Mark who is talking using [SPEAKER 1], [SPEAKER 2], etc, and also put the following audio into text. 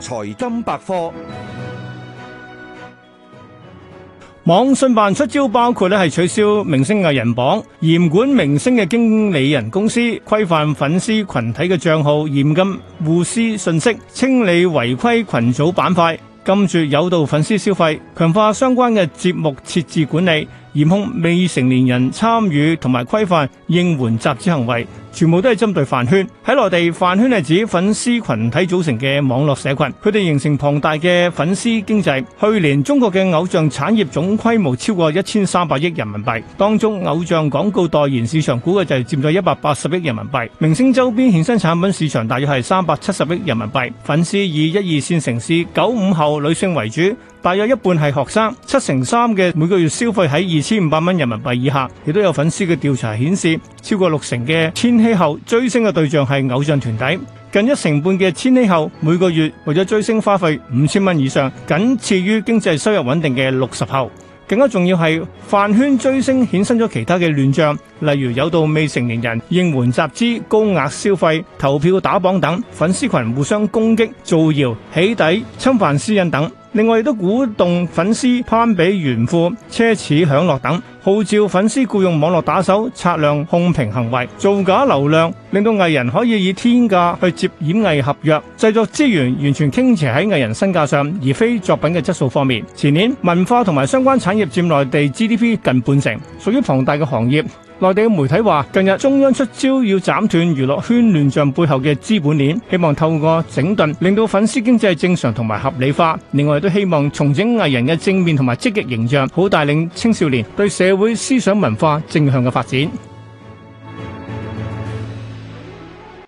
[SPEAKER 1] 財金百科，網信辦出招包括咧係取消明星藝人榜，嚴管明星嘅經理人公司，規範粉絲群體嘅賬號，嚴禁互撕信息，清理違規群組板塊，禁絕誘導粉絲消費，強化相關嘅節目設置管理。嚴控未成年人參與同埋規範應援集資行為，全部都係針對飯圈。喺內地，飯圈係指粉絲群體組成嘅網絡社群，佢哋形成龐大嘅粉絲經濟。去年中國嘅偶像產業總規模超過一千三百億人民幣，當中偶像廣告代言市場估計就係佔咗一百八十億人民幣。明星周邊衍生產品市場大約係三百七十億人民幣。粉絲以一二線城市九五後女性為主，大約一半係學生，七成三嘅每個月消費喺二。二千五百蚊人民幣以下，亦都有粉絲嘅調查顯示，超過六成嘅千禧後追星嘅對象係偶像團體，近一成半嘅千禧後每個月為咗追星花費五千蚊以上，僅次於經濟收入穩定嘅六十後。更加重要係飯圈追星衍生咗其他嘅亂象，例如有到未成年人應援集資、高額消費、投票打榜等，粉絲群互相攻擊、造謠、起底、侵犯私隱等。另外亦都鼓動粉絲攀比炫富、奢侈享樂等。號召粉絲僱傭網絡打手刷量、策控評行為造假流量，令到藝人可以以天價去接演藝合約，製作資源完全傾斜喺藝人身價上，而非作品嘅質素方面。前年文化同埋相關產業佔內地 GDP 近半成，屬於龐大嘅行業。內地嘅媒體話，近日中央出招要斬斷娛樂圈亂象背後嘅資本鏈，希望透過整頓令到粉絲經濟正常同埋合理化。另外都希望重整藝人嘅正面同埋積極形象，好帶領青少年對社社會思想文化正向嘅發展。